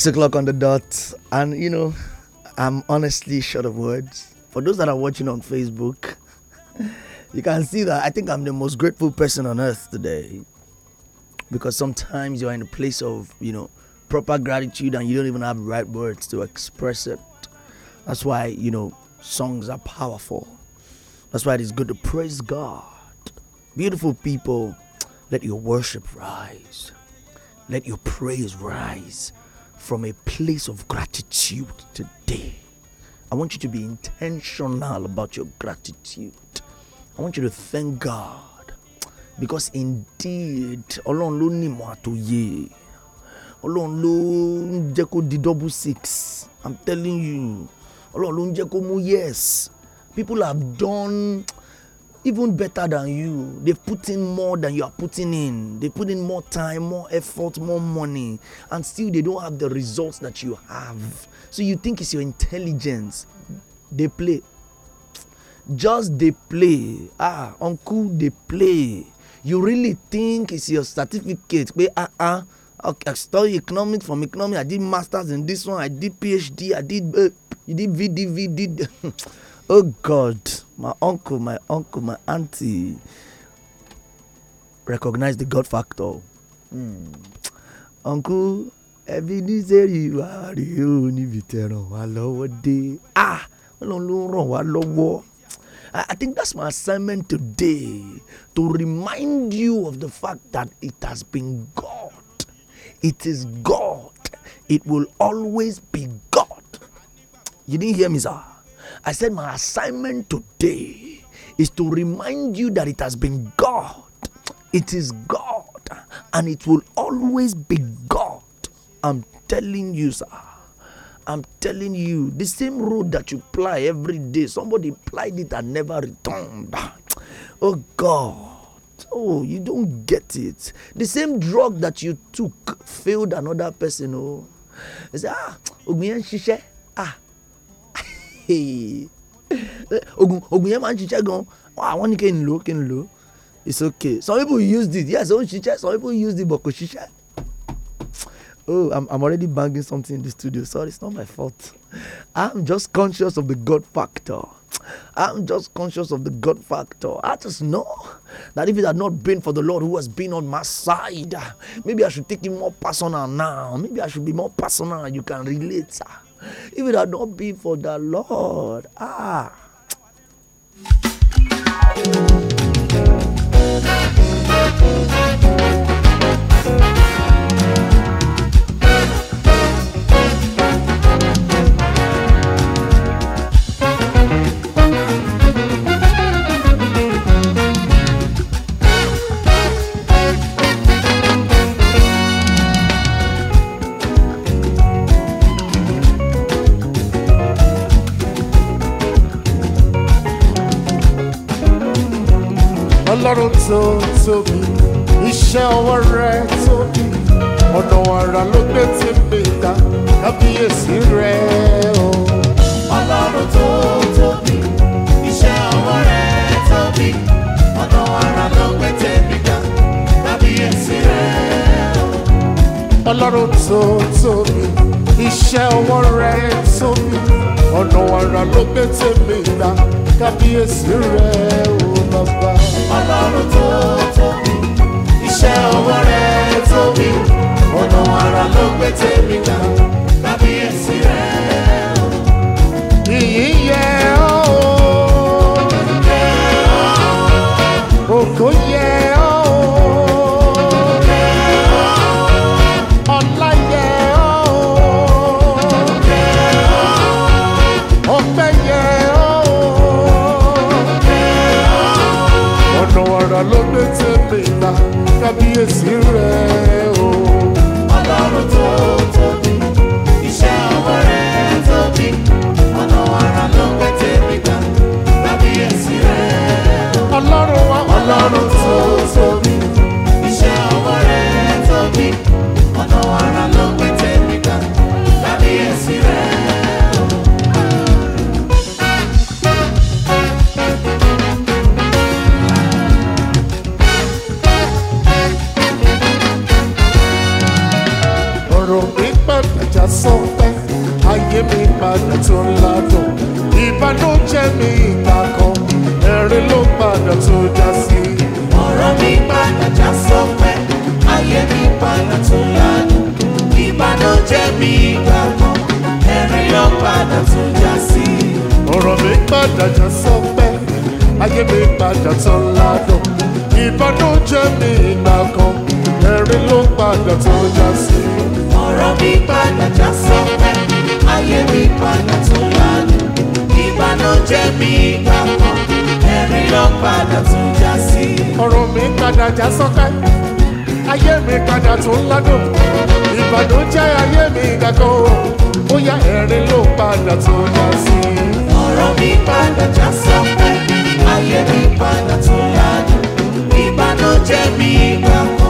six o'clock on the dot, and you know, I'm honestly short of words. For those that are watching on Facebook, you can see that I think I'm the most grateful person on earth today. Because sometimes you're in a place of, you know, proper gratitude and you don't even have right words to express it. That's why, you know, songs are powerful. That's why it is good to praise God. Beautiful people, let your worship rise. Let your praise rise. from a place of gratitude today. I want you to be intentional about your gratitude. I want you to thank God because indeed Ọlọ́run ló ní ìmọ̀ àtòyè. Ọlọ́run ló ń jẹ́ kó di double six. I'm telling you. Ọlọ́run ló ń jẹ́ kó mú yes. People have done even better than you. They've put in more than you are putting in. They put in more time, more effort, more money, and still they don't have the results that you have. So you think it's your intelligence. They play. Just they play. Ah, uncle, they play. You really think it's your certificate. Pay ah ah. Okay, I study economics from economics. I did masters in this one. I did PhD. I did uh, you did VDV. Did oh God. my uncle, my uncle, my auntie recognize the God factor. Mm. Uncle, ẹbí ní sẹ́rí wa rí o níbi tẹ́ wá lọ́wọ́ dé. Ah! Ọlọ́run ló ràn wá lọ́wọ́. I think that's my assignment today to remind you of the fact that it has been God. It is God. It will always be God. You didn't hear me, sir. I said, My assignment today is to remind you that it has been God. It is God. And it will always be God. I'm telling you, sir. I'm telling you, the same road that you ply every day, somebody plied it and never returned. Oh God. Oh, you don't get it. The same drug that you took failed another person. Oh, they say, ah, ah, oògùn Ogun, yẹn máa ń ṣiṣẹ́ gan àwọn ah, ní kí n lò kí n lò it's okay some people use it yes ó ń ṣiṣẹ́ some people use it but kò ṣiṣẹ́ oh I'm, i'm already banging something in the studio sorry it's not my fault i'm just conscious of the god factor i'm just conscious of the god factor i just know that if it had not been for the lord who has been on my side maybe i should take it more personal now maybe i should be more personal you can relate. Sir. If it had not been for the Lord, ah. tóbi iṣẹ́ ọwọ́ rẹ tóbi ọ̀nà wàrà ló gbé ti mi ga kábíyèsí rẹ o. tó tóbi iṣẹ́ ọwọ́ rẹ tóbi ọ̀nà wàrà ló gbé ti mi ga kábíyèsí rẹ tó tóbi iṣẹ́ ọwọ́ rẹ tóbi ọ̀nà wàrà ló gbé kábíyèsí rẹ ò bàbá. ọlọ́run tó tóbi iṣẹ́ ọwọ́ rẹ tóbi ọ̀nà àrà ló gbé tèmi gbà kábíyèsí rẹ. desire sọpẹ́ ayé mi padà tún ládùn ìbànújẹ́ mi ìgbà kan ẹ̀rín ló padà tún já sí. ọ̀rọ̀ mi padà já sọpẹ́ ayé mi padà tún ládùn ìbànújẹ́ mi ìgbà kan ẹ̀rín ló padà tún já sí. ọ̀rọ̀ mi padà já sọpẹ́ ayé mi padà tún ládùn ìbànújẹ́ mi ìgbà kan ẹ̀rín ló ń padà tó já sí. ọ̀rọ̀ mi padà já sọ́pẹ́ ayé mi padà tó lálẹ́ ìbànújẹ́ mi gbà kan ẹ̀rín ló padà tó já sí. ọ̀rọ̀ mi padà já sọ́pẹ́ ayé mi padà tó ládùn ìbànújẹ́ ayé mi gbà kan ó yá ẹ̀rín ló padà tó já sí. ọ̀rọ̀ mi padà já sọ́pẹ́ ayé mi padà tó ládùn ìbànújẹ́ mi gbà kan.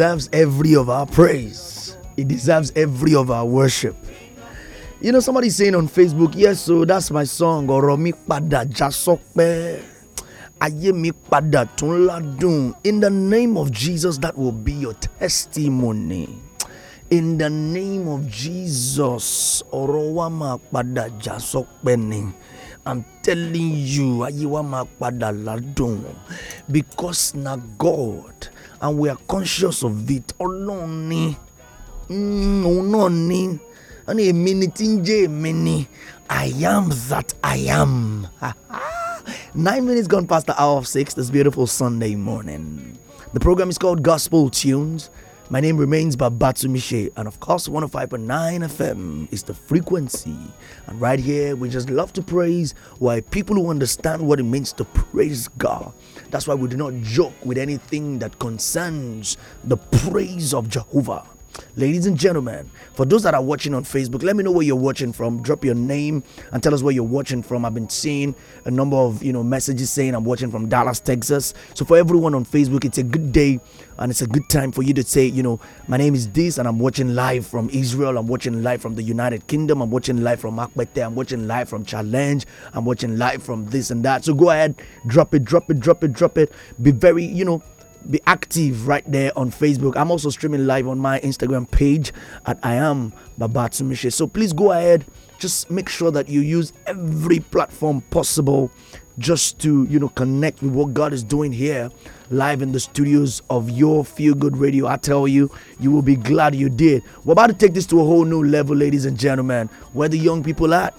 deserves every of our praise, He deserves every of our worship. You know, somebody saying on Facebook, yes, so that's my song, Pada Pada In the name of Jesus, that will be your testimony. In the name of Jesus, Pada I'm telling you, Ayiwama Pada Ladun. Because na God and we are conscious of it ọlọ́run ni mm, òun náà ni wọ́n ní èmi ni tí ń jẹ́ èmi ni I am that I am. Nine minutes gone past the hour of six this beautiful Sunday morning. The program is called Gospel Tunes. My name remains Babatsumishe, and of course, 105.9 FM is the frequency. And right here, we just love to praise why people who understand what it means to praise God. That's why we do not joke with anything that concerns the praise of Jehovah. Ladies and gentlemen, for those that are watching on Facebook, let me know where you're watching from. Drop your name and tell us where you're watching from. I've been seeing a number of you know messages saying I'm watching from Dallas, Texas. So for everyone on Facebook, it's a good day and it's a good time for you to say, you know, my name is this and I'm watching live from Israel. I'm watching live from the United Kingdom. I'm watching live from Akbete. I'm watching live from Challenge. I'm watching live from this and that. So go ahead, drop it, drop it, drop it, drop it. Be very, you know, be active right there on Facebook. I'm also streaming live on my Instagram page at I am Babatsumishi. So please go ahead, just make sure that you use every platform possible just to, you know, connect with what God is doing here live in the studios of your Feel Good Radio. I tell you, you will be glad you did. We're about to take this to a whole new level, ladies and gentlemen. Where the young people at?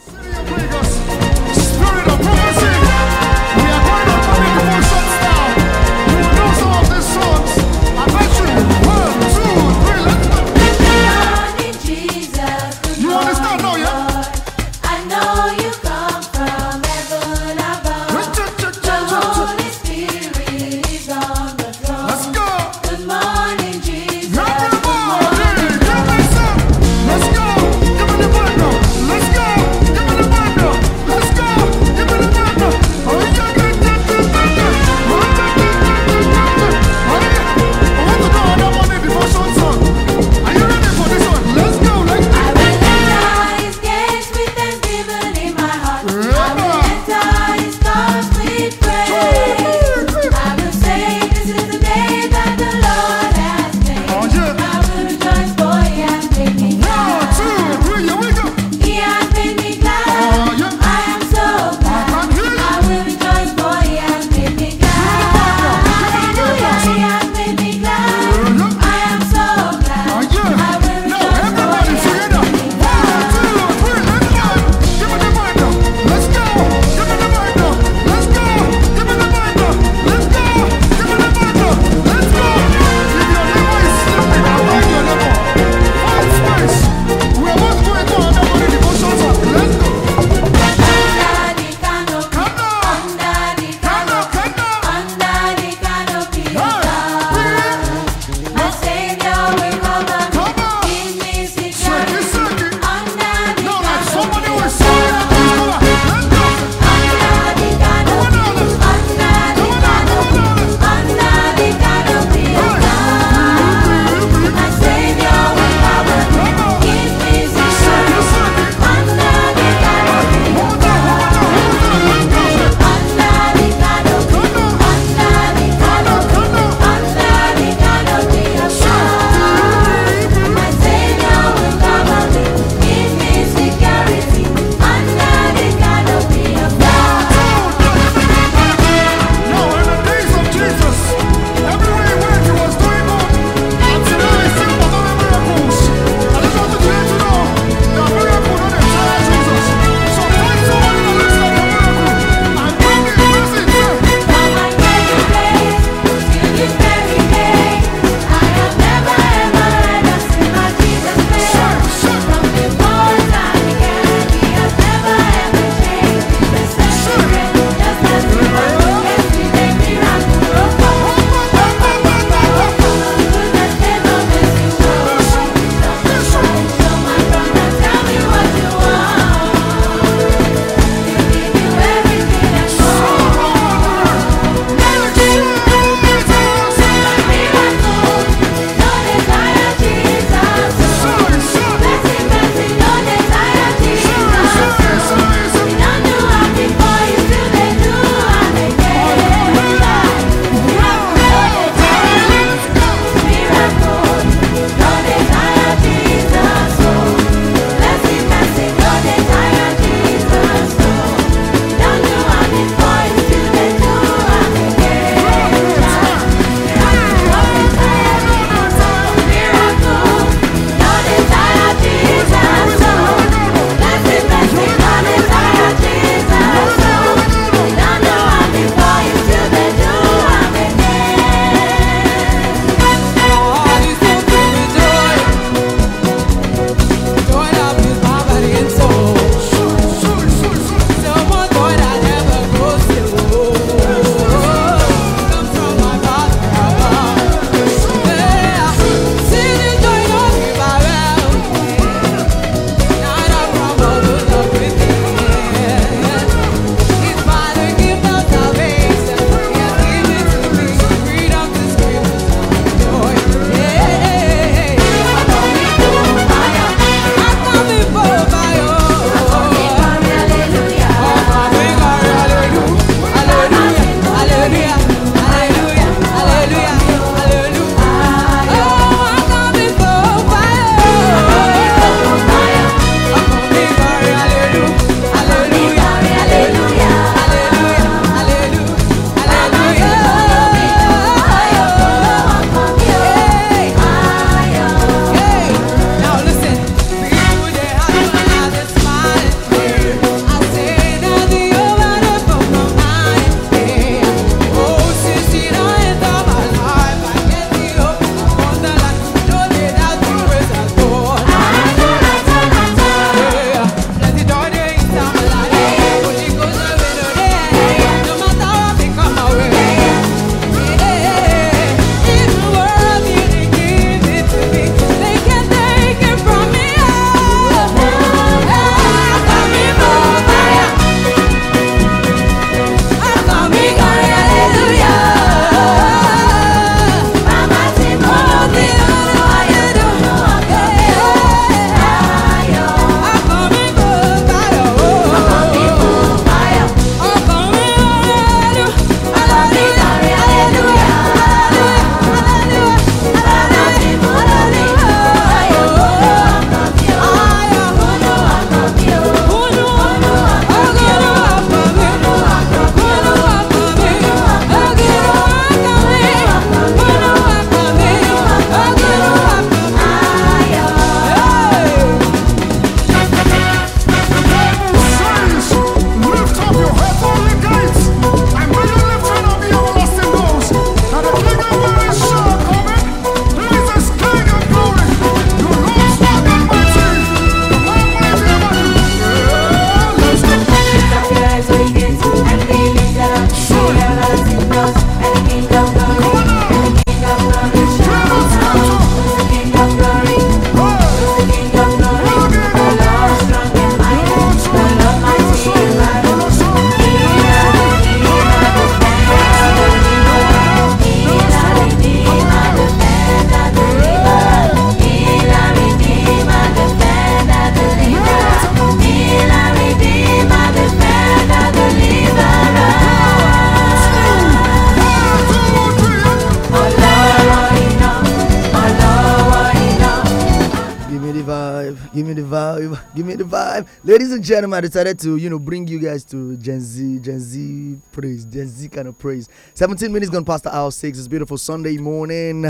ladies and gentlemen, I decided to you know bring you guys to Gen Z, Gen Z praise, Gen Z kind of praise. 17 minutes gone past the hour six. It's beautiful Sunday morning.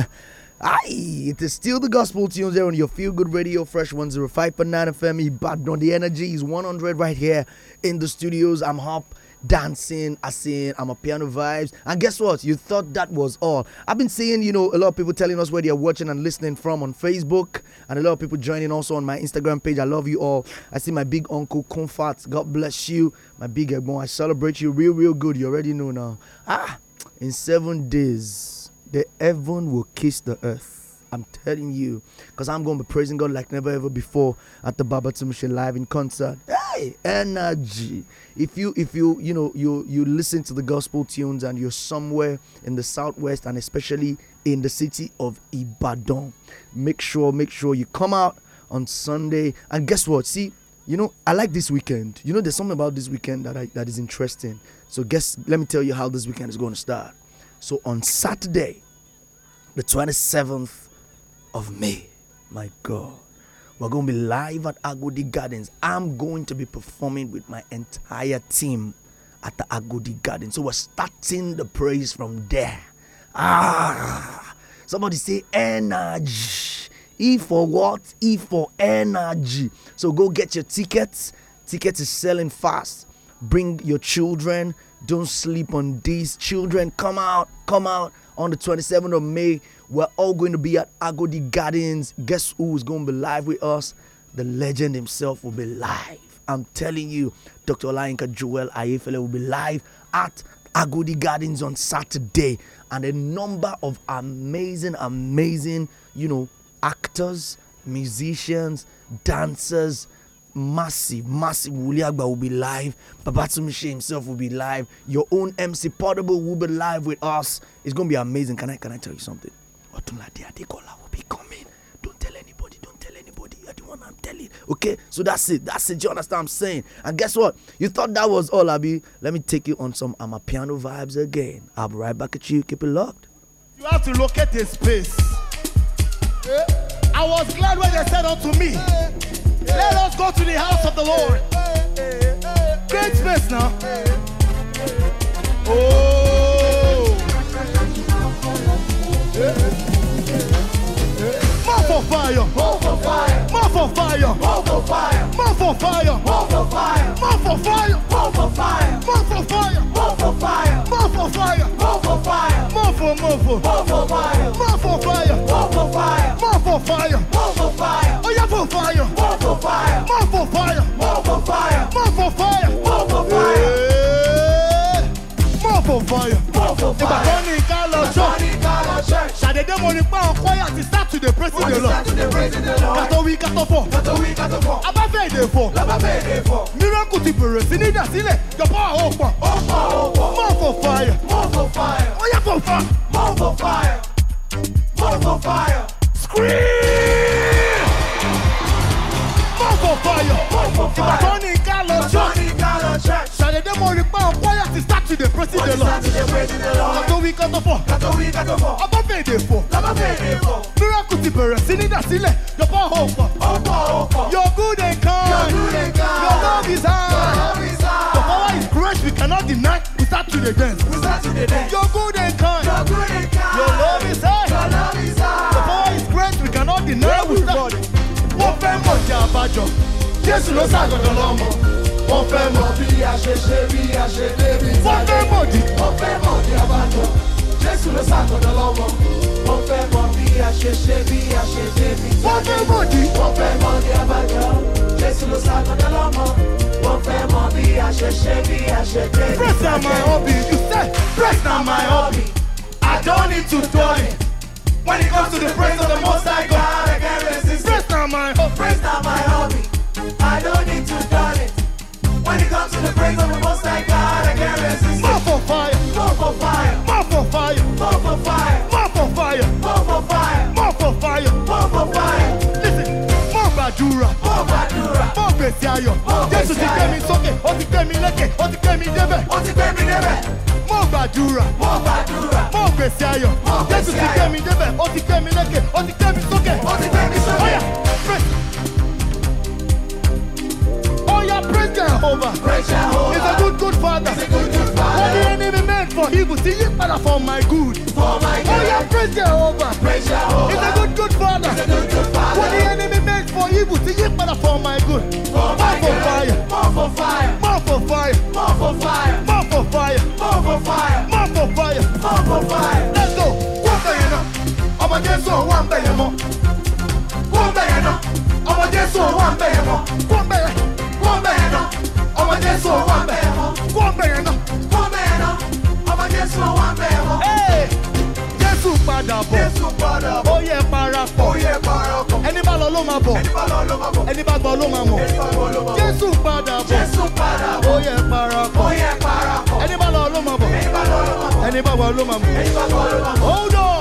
Aye, it is still the gospel tunes there on your feel good radio, Fresh 105.9 FM. Ibadan, the energy is 100 right here in the studios. I'm Hop dancing, I sing, I'm a piano vibes. And guess what? You thought that was all. I've been seeing, you know, a lot of people telling us where they are watching and listening from on Facebook, and a lot of people joining also on my Instagram page. I love you all. I see my big uncle Comfort. God bless you, my big Egbon. I celebrate you real, real good. You already know now. Ah, in seven days, the heaven will kiss the earth. I'm telling you, because I'm going to be praising God like never ever before at the Babatum live in concert. Hey, energy! If you if you you know you you listen to the gospel tunes and you're somewhere in the southwest and especially in the city of Ibadan, make sure make sure you come out on Sunday. And guess what? See, you know I like this weekend. You know there's something about this weekend that I, that is interesting. So guess let me tell you how this weekend is going to start. So on Saturday, the 27th of May. My God. We're going to be live at Agodi Gardens. I'm going to be performing with my entire team at the Agodi Gardens. So we're starting the praise from there. Ah, somebody say energy. E for what? E for energy. So go get your tickets. Tickets is selling fast. Bring your children. Don't sleep on these children. Come out, come out on the 27th of May. We're all going to be at Agodi Gardens. Guess who's going to be live with us? The legend himself will be live. I'm telling you, Dr. Olainka Joel Ayefele will be live at Agodi Gardens on Saturday. And a number of amazing, amazing, you know, actors, musicians, dancers, massive, massive. Wuliagba will be live. Babatunde himself will be live. Your own MC Portable will be live with us. It's gonna be amazing. Can I can I tell you something? Otunlade Adekola will be coming. Don't tell anybody. Don't tell anybody. You're the one I'm telling. Okay? So that's it. That's it. You understand what I'm saying? And guess what? You thought that was all, Abby? Let me take you on some piano vibes again. I'll be right back at you. Keep it locked. You have to locate a space. Yeah. I was glad when they said unto me, yeah. Let us go to the house of the Lord. Yeah. Great space now. Oh. Mouth on fire, mouth on fire, mouth on fire, mouth on fire, mouth on fire, mouth on fire, mouth on fire, mouth on fire, mouth on fire, mouth on fire, mouth on fire, mouth on fire, mouth on mouth, mouth on fire, mouth on fire, mouth on fire, mouth on fire, mouth on fire, oh yeah, for fire, mouth on fire, mouth on fire, mouth on fire, mouth on fire, mouth on fire, mouth on fire, mouth on fire, mouth on fire, dem on the on choir to start to the praise the Lord. Kàtó wí kàtó fọ̀. Kàtó wí kàtó fọ̀. Abáfẹ́ èdè fọ̀. Lábáfẹ́ èdè fọ̀. Miracle ti bẹ̀rẹ̀ sí ní ìdásílẹ̀. Your power ó pọ̀. More for fire. More for fire. Ó oh, yẹ for fire. More for fire. More for fire. Scream! More for fire. More for fire. Ìbàdàn ni ká lọ church. Ìbàdàn ni ká lọ church. Ṣàdédé mo rí pé ọ̀pọ̀ yà start to dey praise the Lord. Kàtó wí Kàtó wí kàtó fọ̀. fèdè fò. Lọ́ba fèdè fò. Miracle ti bẹ̀rẹ̀ sí ní dàsílẹ̀. Your power ò pọ̀. Ó Your good and kind. Your good and kind. Your love is high. Your love is high. Your power is great we cannot deny. We start to dey dance. We start to dey dance. Your good and kind. Your good and kind. Your love is high. Your love is high. Your power is great we cannot deny. We start. Wọ́n fẹ́ mọ̀ jẹ́ àbájọ. Jésù ló ṣàgọ̀dọ̀ lọ́mọ wọ́n fẹ́ mọ̀ bí a ṣe ṣe bí a ṣe débi. wọ́n fẹ́ mọ̀ di. wọ́n fẹ́ mọ̀ di abájọ. jésù ló ṣàkóso lọ́mọ. wọ́n fẹ́ mọ bí a ṣe ṣe bí a ṣe ṣe bí. wọ́n fẹ́ mọ di. wọ́n fẹ́ mọ ní abájọ jésù ló ṣàkóso lọ́mọ. wọ́n fẹ́ mọ bí a ṣe ṣe bí a ṣe ṣe bí. praise na my hobby you say praise na my hobby i don't need to tell it. When it comes to the praise of the Most High God, I can't resist. Praise not my, hobby. praise not my hobby. I don't need to done it. When it comes to the praise of the Most High God, I can't resist. More for fire. gbèsè ayọ̀ jésù ti gbé mi sókè ó ti gbé mi lékè ó ti gbé mi débẹ̀ ó ti gbé mi débẹ̀ mo gbàdúrà mo gbàdúrà mo gbèsè ayọ̀ jésù ti gbé mi débẹ̀ ó ti gbé mi lékè ó ti gbé mi sókè ó ti gbé mi sókè óyà praise óyà praise Jehovah praise Jehovah he's a good good father he's a good good father what the enemy meant for evil ti yí padà for my good for my good óyà praise Jehovah praise Jehovah he's a good good father he's a good good father what the enemy meant. for evil to yí padà for my good. More for fire, more for fire, more for fire, more for fire, more for fire, more for fire, more for fire, more for fire. Let's go. Wọ́n bẹ̀yẹ̀ náà, ọmọ Jésù wà ń bẹ̀yẹ̀ mọ́. Wọ́n bẹ̀yẹ̀ náà, ọmọ Jésù wà ń bẹ̀yẹ̀ mọ́. Wọ́n bẹ̀yẹ̀, wọ́n bẹ̀yẹ̀ náà, ọmọ Jésù wà ń bẹ̀yẹ̀ mọ́. Wọ́n bẹ̀yẹ̀ náà, wọ́n bẹ̀yẹ̀ náà, ọmọ Jésù wà ń bẹ̀yẹ̀ mọ́. Jésù padà bọ̀, Jésù padà bọ̀, ó yẹ parapọ̀, ó yẹ parapọ̀. ẹni bá lọ ló máa bọ̀ ẹni bá gbọ́ ló máa mọ̀ jésù padà bọ̀ ó yẹ ẹni bá lọ ló máa bọ̀ ẹni bá gbọ́ ló máa mọ̀ hold on.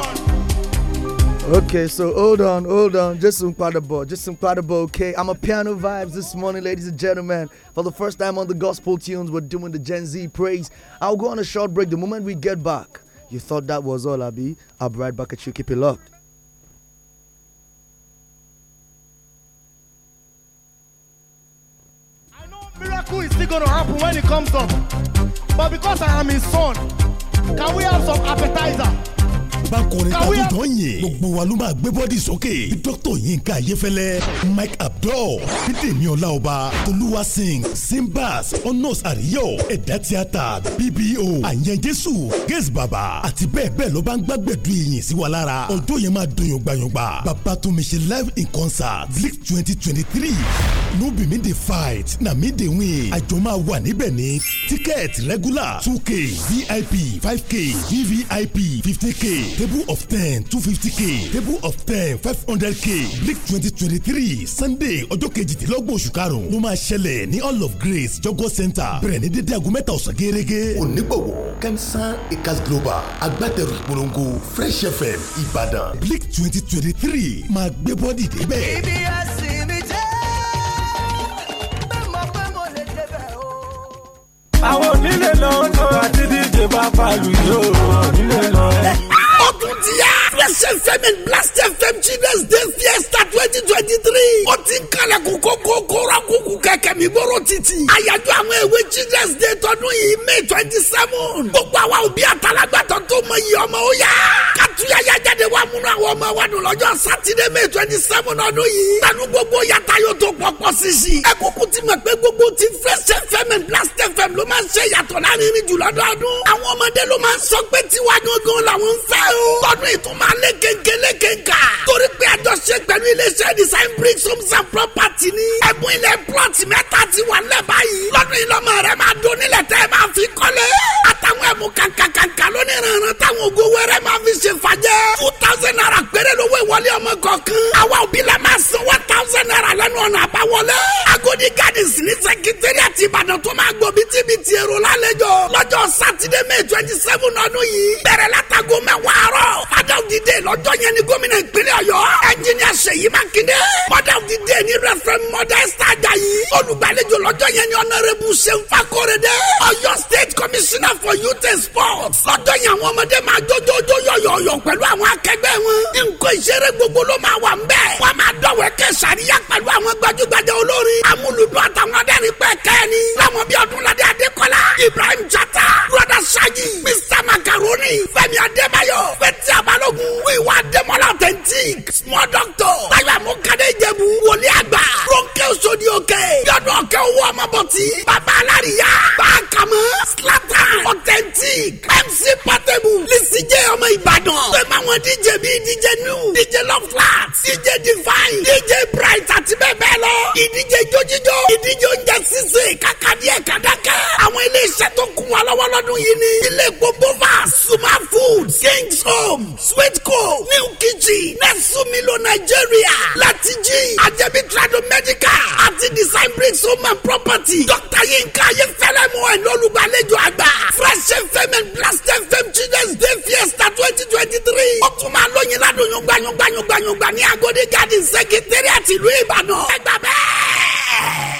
Okay, so hold on, hold on. Just incredible, just incredible. Okay, I'm a piano vibes this morning, ladies and gentlemen. For the first time on the gospel tunes, we're doing the Gen Z praise. I'll go on a short break the moment we get back. You thought that was all, Abby? I'll be right back at you. Keep it locked. Miracle is still going to happen when it comes up. But because I am his son, can we have some appetizer? bá kọrin tàbí jọ yìn gbogbo wa ló máa gbé bọ́dì sókè bí dókítà Yinka Ayéfẹ́lẹ́ Mike Abdul Bídèmí Ọláọba Tolúwa Singh Simbas Onos Àríyọ̀ Ẹ̀dá Tíátà BBO Àyàn Jésù Gẹ́sì Bàbá àti bẹ́ẹ̀ bẹ́ẹ̀ ló bá ń gbàgbẹ́dù ìyìn sí wa lára ọjọ́ yẹn máa dùn yọ̀ngbàyọ̀ngbà Babatunmise live in concert Leak twenty twenty three no be me dey fight na me dey win àjọ máa wà níbẹ̀ ní ticket regular two k vip five k vvip fifty k table of ten two fifty k table of ten five hundred k brick twenty twenty three sunday ọjọ́ kejìdínlọ́gbọ̀n oṣù karùn-ún ló máa ṣẹlẹ̀ ní all of grace jọgọ center bẹ̀rẹ̀ ní dédé aago mẹ́ta ọ̀sán gẹ́gẹ́. onígbọ̀wọ́ kẹ́mísán ecas global agbátẹrù ìpolongo fresh fm ìbàdàn brick twenty twenty three máa gbé bọ́dì débẹ̀. ibi àsìn mi jẹ́ bẹ́ẹ̀ pé mo lè débẹ̀ o. àwọn onílé lọ àti díje bá balùwẹ̀ o onílé lọ ó tún ti yá. fresh fm and blast fm children's day fiesta twenty twenty three. ó ti ń kalẹ̀ kó kókó kóra kúkú kẹ̀kẹ́ mi bọ́rọ̀ títì. àyájọ́ àwọn èwe children's day tọdún yìí may twenty seven. gbogbo àwa òbí àtàlágbàtọ́ tó mọ iye ọmọ ó yá. kátúyàyà jáde wá múnú àwọn ọmọ wa dùn lọ́jọ́ sátidé may twenty seven ọdún yìí. tanu gbogbo yàtá yóò tó pọ̀pọ̀ sisi. ẹ kúkú ti mọ̀ pé gbogbo ti fresh fm and blast fm ló máa ń ṣe yàtọ̀ láàrin jùlọ dọ́dún. àwọn ọmọdé ló máa ń sọ pé tiwa gangan làwọn ń fẹ́ ọlọ́run. tọdún ìtumọ̀ alẹ́ gẹ́gẹ́ lẹ́gẹ́gà. torí pé àjọṣe pẹ̀lú iléeṣẹ́ design bricks homes and property ni. ẹ̀bùn ilẹ̀ plot mẹ́ta ti wà lẹ́bà yìí. lọ́dún yìí lọ́mọ rẹ máa dún nílẹ̀ tẹ́ ẹ máa fi kọ́lé. àtàwọn ẹ̀bùn kàkàkàkà lónìí ìrànràn táwọn ògo wẹ́rẹ́ máa fi ṣe fàjẹ́. two thousand naira péré lówó ìwọlé ọmọ kọ̀ọ̀kan. àwa òbí la máa san one thousand naira lẹ́nu ọ̀nà àbáwọlé. Agodi gardens ní sẹkítẹ́rì àti Ìbàdàn tó máa gbọ́ bítíbitì èrò lálejò. lọ́jọ́ sátidé May twenty seven ọdún yìí. bẹ̀rẹ̀ látago mẹ́wàá láàárọ̀. father of the day lọ́jọ́ yẹn ni gómìnà ìpínlẹ̀ ọ̀yọ́. ẹnjìníà Ṣèyí Mákindé. mother of the day ni reverend Modesta Ajayi. olùgbàlejò lọ́jọ́ yẹn ni honourable Ṣeun Fakorede. ọ̀yọ́ state commissioner for youth and sports. lọ́jọ́ yẹn àwọn ọmọdé máa jójójó yọ̀yọ̀yọ̀ pẹ̀lú àwọn akẹgbẹ́ wọn. nǹkan ìṣeré gbogbo ló máa wà ńbẹ̀. wọ́n máa dọ̀wẹ́ kẹ́ sàríyá pẹ̀lú àwọn gbajúgbajà olórin. amúlùdún àtàwọn adẹ́rìn pẹ́ kẹ́ni. láwọn bíi Ọdúnládé Adékọ́lá Ibrahim Chata brother Ṣáàjì Mr Macaroni Fẹ́mi Adébáyọ̀ Betty Abalogun. Ìwà Adémọ́lá authentic. Small doctor. Táyọ̀ Amúkadé Ìjẹ̀bú. Wòlíì àgbà. Ronke Sodi Oke. Yọ̀dọ̀ Ọ̀kẹ́ owó ọmọbọ̀tì. Bàbá Aláríyá. Báàkàmọ́. Slatan. Authentic. MC Portable. Lisi jẹ́ ọmọ Ìbàdàn. Pẹ̀mọ́ àwọn DJ bíi DJ New. DJ Love Flat. DJ Divine. DJ Bright àti bẹ́ẹ̀ bẹ́ẹ̀ lọ. Ìdíje jójíjó. Ìdíje oúnjẹ sísè. Kàkàdí ẹ̀ kàdákẹ́. Àwọn ilé iṣẹ́ tó kún wa lọ́wọ́ lọ́dún yìí ni. Ilé gbogbo va Suma Foods. Kings Grace Home Sweetco New Kitchen Nẹ́sùmílò Nàìjíríà láti jí Àjẹbí Trado Medical àti Design Bricks Home and Property Dr. Yinka Ayefẹ́lẹ́ mọ ẹ̀ lọ́lùgbàlejò àgbà Fresh FM and Blast FM Children's Day Fiesta twenty twenty three. Ó tún máa lóyin ládùn yọ̀ngbà yọ̀ngbà yọ̀ngbà yọ̀ngbà ní Agodi Garden Secretariat ìlú Ìbàdàn. Ẹ gbà bẹ́ẹ̀.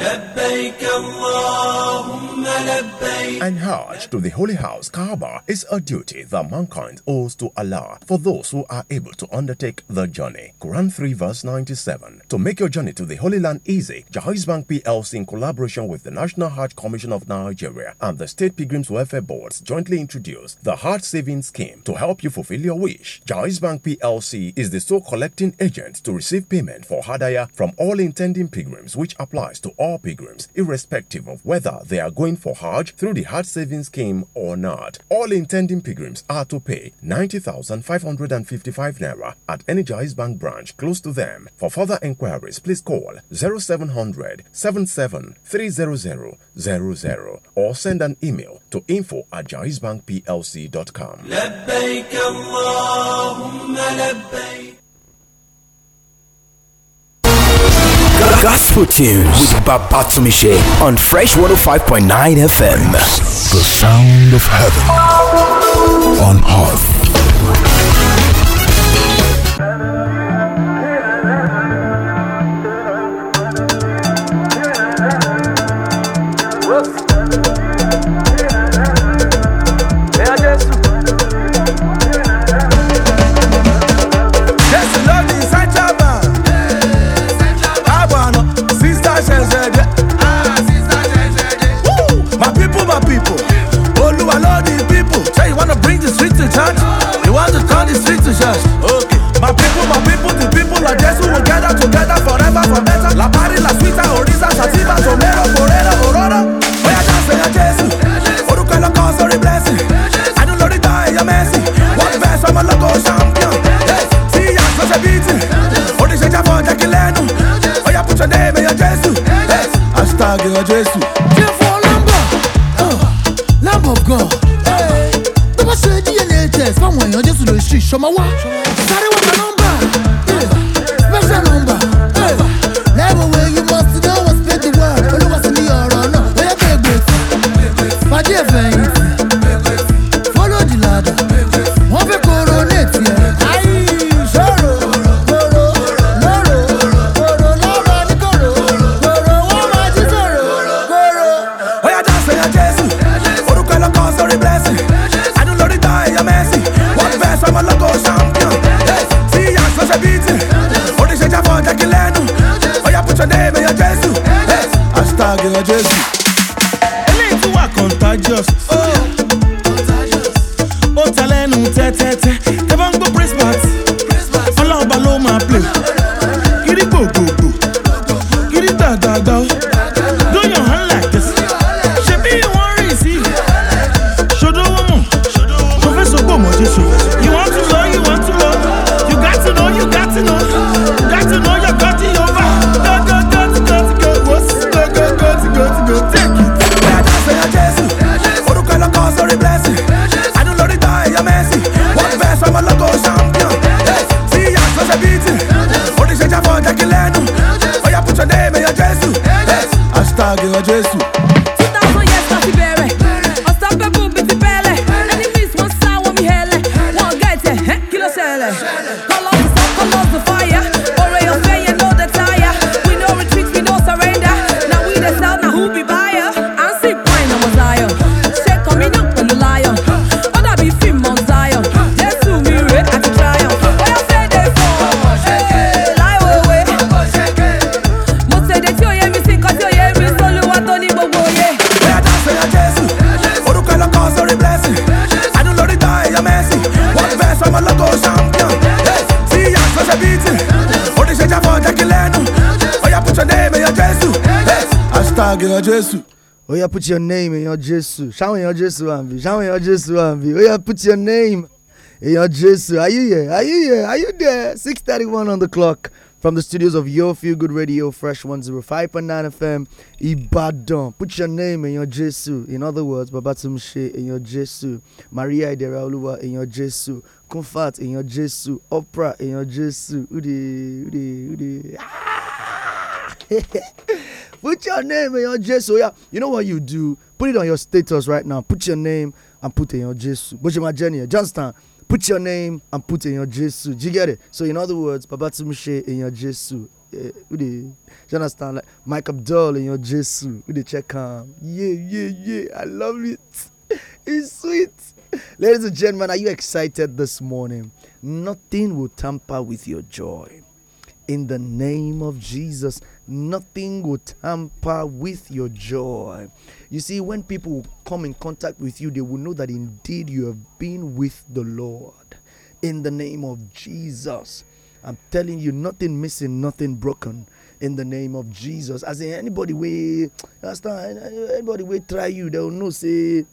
لبيك اللهم لبيك And Hajj to the Holy House Kaaba is a duty that mankind owes to Allah for those who are able to undertake the journey. Quran 3 verse 97. To make your journey to the Holy Land easy, Jahis Bank PLC in collaboration with the National Hajj Commission of Nigeria and the State Pilgrims Welfare Boards jointly introduced the Hajj Savings Scheme to help you fulfill your wish. Jahis Bank PLC is the sole collecting agent to receive payment for Hadaya from all intending pilgrims which applies to all all pilgrims, irrespective of whether they are going for Hajj through the Hajj Savings Scheme or not. All intending pilgrims are to pay 90,555 naira at Energize Bank branch close to them. For further inquiries, please call 0700 77 or send an email to info at jaisbankplc.com. لبيك اللهم لبيك gospel tunes with Babatumishe on Fresh 105.9 FM. The sound of heaven on earth. to church, they want to turn the street to church. Okay. My people, my people, the people of Jesus will gather together forever for better. La party, la suita, orisa, sativa, sombrero, morero, ororo. Voy a danse a Jesus. Orúkọ cause sórí blessing. I don't know Adún lórí ta ẹ̀yọ mẹ́sì. Wọ́n fẹ́ sọmọ lọ́kọ champion. See, Sí ìyá sọ́sẹ̀ bíìtì. Oníṣẹ́ jábọ̀ jẹ́ kí lẹ́nu. Ó yẹ pùtọ́ dé mẹ́yọ Jésù. Hashtag ẹ̀yọ Jésù. Kí fún Lambo? Uh, Lambo gan. àwọn èèyàn jésù lè ṣí ìṣọmọ wá sáré wà Instagram, Jesus. Oh ya put your name in your Jesus. Shout in your Jesus, Anvi. Shout in your Jesus, Anvi. Oh yeah, put your name in your Jesus. Oh, Are you here? Are you here? Are you there? 6:31 on the clock from the studios of Your Feel Good Radio, Fresh 105.9 FM, Ibadan. Put your name in your Jesu. In other words, Babatumshe in your Jesu. Maria Ideraoluwa in your Jesu. Comfort in your Jesu. Oprah in your Jesu. Udi, udi, udi. Ah! Put your name in your Jesus. Yeah. You know what you do? Put it on your status right now. Put your name and put in your Jesus. Bushima Jenny, Johnston. Put your name and put in your Jesus. Do you get it? So in other words, Baba Tumushe in your Jesus. Yeah, do you understand? Like Mike Abdul in your Jesus. With the check on. Yeah, yeah, yeah. I love it. It's sweet. Ladies and gentlemen, are you excited this morning? Nothing will tamper with your joy. In the name of Jesus, nothing will tamper with your joy. You see, when people come in contact with you, they will know that indeed you have been with the Lord. In the name of Jesus. I'm telling you, nothing missing, nothing broken. In the name of Jesus. As in anybody way, understand, anybody will try you, they will know say,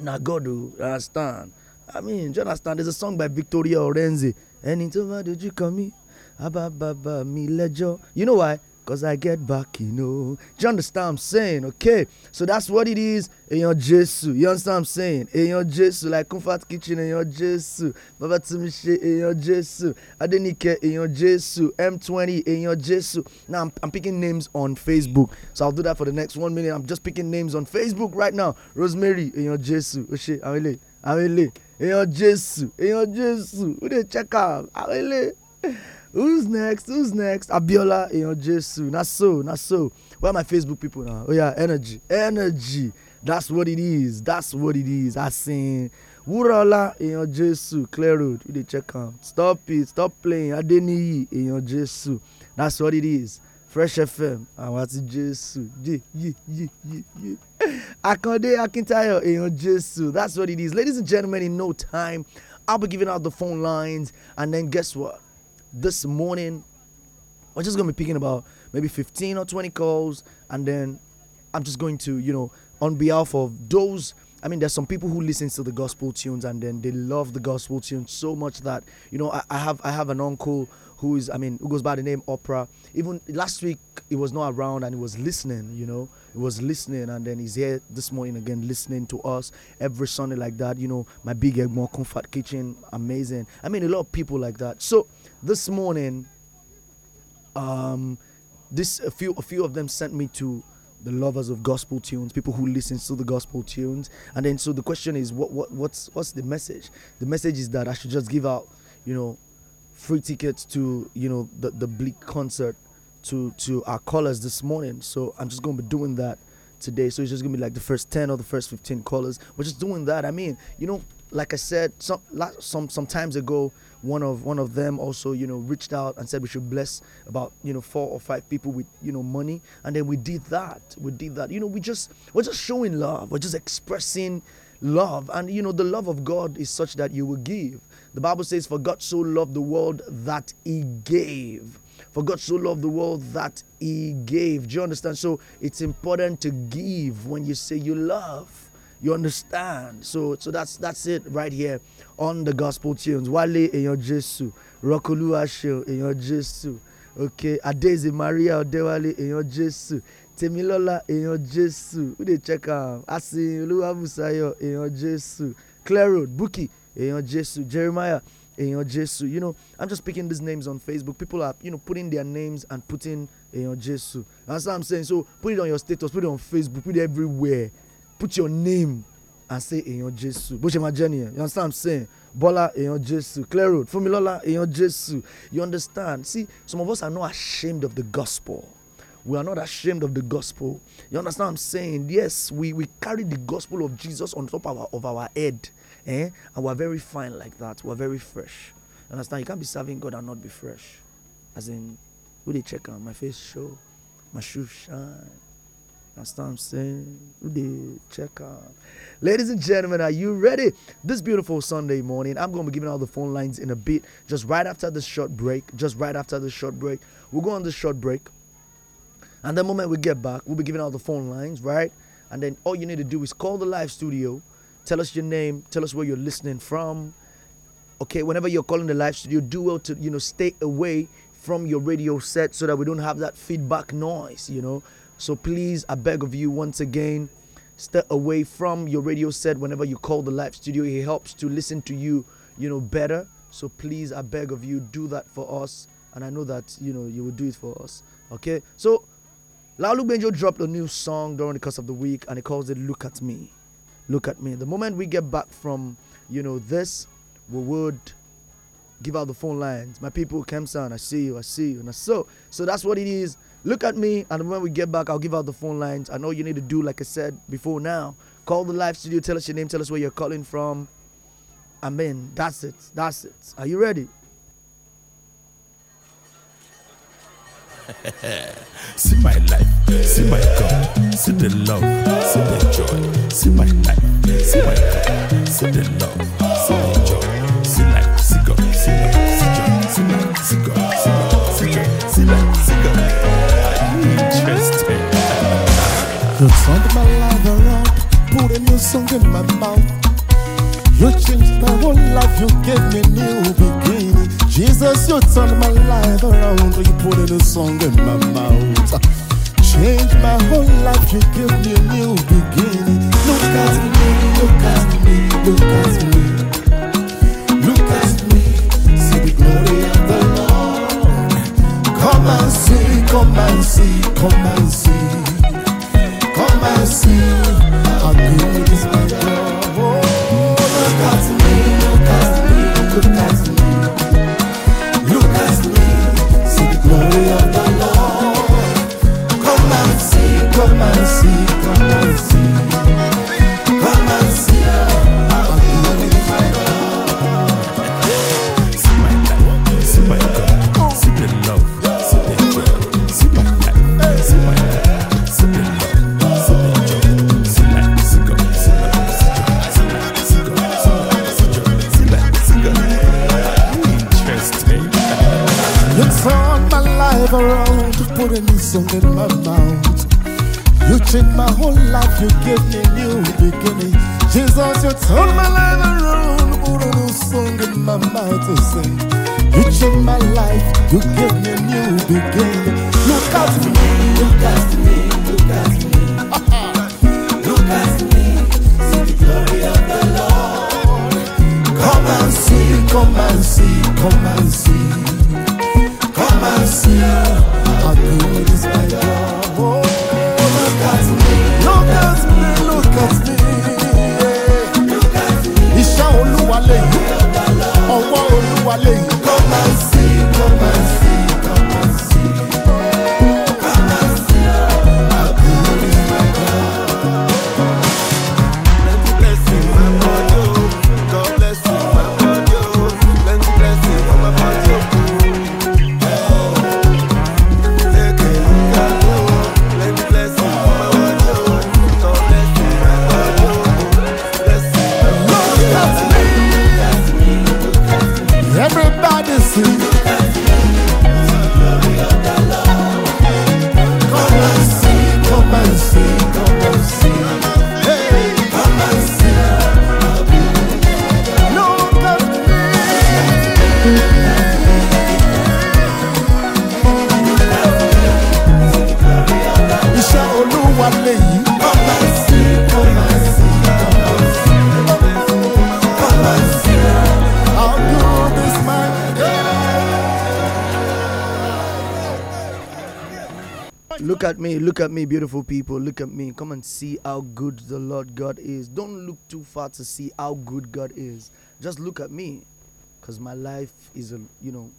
na God oh, understand. I mean, do you understand? There's a song by Victoria Orenzi. And into my did you call me? Ababa mi lejo. You know why? cause I get back, you know. Do you understand I'm saying? Okay, so that's what it is. In your Jesus, you understand I'm saying? In your Jesus, like Comfort Kitchen, in your Jesus, Baba Tumishe, in your Jesus, Adenike, in your Jesus, M20, in your Jesus. Now I'm, I'm picking names on Facebook, so I'll do that for the next one minute. I'm just picking names on Facebook right now. Rosemary, in your Jesus, Oshé, Amele, Amele, in your Jesus, in your Jesus. Who they check out? Amele. who's next? Who's next? Abiola, you know, Jesu. Not so, not so. Where are my Facebook people now? Oh, yeah, energy. Energy. That's what it is. That's what it is. I sing. Wurala, you know, Jesu. Clear road. You check on. Stop it. Stop playing. Adeniyi, you know, Jesu. That's what it is. Fresh FM, àwọn àti Jésù, yé yé yé yé yé. Akande Akintayo, èèyàn Jésù, that's what it is. Ladies and gentlemen, in no time, I'll be giving out the phone lines and then guess what? this morning, we're just gonna be picking about maybe 15 or 20 calls, and then I'm just going to, you know, on behalf of those. I mean, there's some people who listens to the gospel tunes, and then they love the gospel tunes so much that you know, I, I have I have an uncle who is, I mean, who goes by the name Opera. Even last week, he was not around and he was listening, you know, he was listening. And then he's here this morning again, listening to us every Sunday like that. You know, my big more Comfort Kitchen, amazing. I mean, a lot of people like that. So this morning, um, this a few a few of them sent me to the lovers of gospel tunes, people who listens to the gospel tunes. And then so the question is what what what's what's the message? The message is that I should just give out, you know, free tickets to, you know, the, the bleak concert to to our callers this morning. So I'm just gonna be doing that today. So it's just gonna be like the first 10 or the first 15 callers. We're just doing that. I mean, you know, like I said, some some some times ago, one of one of them also you know reached out and said we should bless about you know four or five people with you know money, and then we did that. We did that. You know, we just we're just showing love. We're just expressing love, and you know the love of God is such that you will give. The Bible says, "For God so loved the world that He gave." For God so loved the world that He gave. Do you understand? So it's important to give when you say you love you understand? So so that's that's it right here on the gospel tunes. Wale Eyan Jesu, in your Jesu. Okay, Adeze Maria Odewale your Jesu. Temilola in your Jesu. Who they check am? Asin Oluwabusayo Eyan Jesu. Claire Buki Buki your Jesu. Jeremiah in your Jesu. You know, I'm just picking these names on Facebook. People are, you know, putting their names and putting in your Jesu. That's what I'm saying. So put it on your status, put it on Facebook, put it everywhere put your name and say èèyàn jésù bó ṣe máa jẹ́ nìyẹn you understand what i'm saying bọ́lá èèyàn jésù clear road fúnmilọ́lá èèyàn jésù you understand see some of us are not ashamed of the gospel we are not ashamed of the gospel you understand what i'm saying yes we we carry the gospel of jesus on top of our, of our head eh? and we're very fine like that we're very fresh you understand you can't be serving god and not be fresh as in who dey check am my face show my shoe shine that's what I'm saying. They check out. Ladies and gentlemen, are you ready? This beautiful Sunday morning, I'm going to be giving out the phone lines in a bit, just right after the short break. Just right after the short break. We'll go on the short break. And the moment we get back, we'll be giving out the phone lines, right? And then all you need to do is call the live studio, tell us your name, tell us where you're listening from. Okay, whenever you're calling the live studio, do well to, you know, stay away from your radio set so that we don't have that feedback noise, you know. So please, I beg of you once again, stay away from your radio set whenever you call the live studio. It helps to listen to you, you know, better. So please, I beg of you, do that for us. And I know that, you know, you will do it for us. Okay? So Laulu Benjo dropped a new song during the course of the week and he calls it Look at Me. Look at me. The moment we get back from, you know, this, we would give out the phone lines. My people, Kemsan, I see you, I see you. And so, so that's what it is. Look at me, and when we get back, I'll give out the phone lines. I know you need to do, like I said before now, call the live studio, tell us your name, tell us where you're calling from. I mean, that's it. That's it. Are you ready? see my life, see my God, see the love, see the joy, see my life, see my God, see the love, see the joy, see life, see God, see love, see joy, see life, see God, see love, see joy, see life, see God. You turned my life around, put a new song in my mouth. You changed my whole life, you gave me new beginning. Jesus, you turned my life around, you put a new song in my mouth. Changed my whole life, you gave me a new beginning. Look at me, look at me, look at me. Look at me, see the glory of the Lord. Come and see, come and see, come and see. I see how good is my Oh, look at me. me something in my mouth. You changed my whole life, you gave me a new beginning. Jesus, you turned my life around. Put a new song in my mouth to sing. You changed my life, you gave me a new beginning. Look at me, look at me, look at me. look at me, see the glory of the Lord. Come and see, come and see, come and see, come and see. How good is look at me, look at me, look at me. Yeah. Iṣẹ́ look at me, beautiful people. Look at me. Come and see how good the Lord God is. Don't look too far to see how good God is. Just look at me, because my life is a you know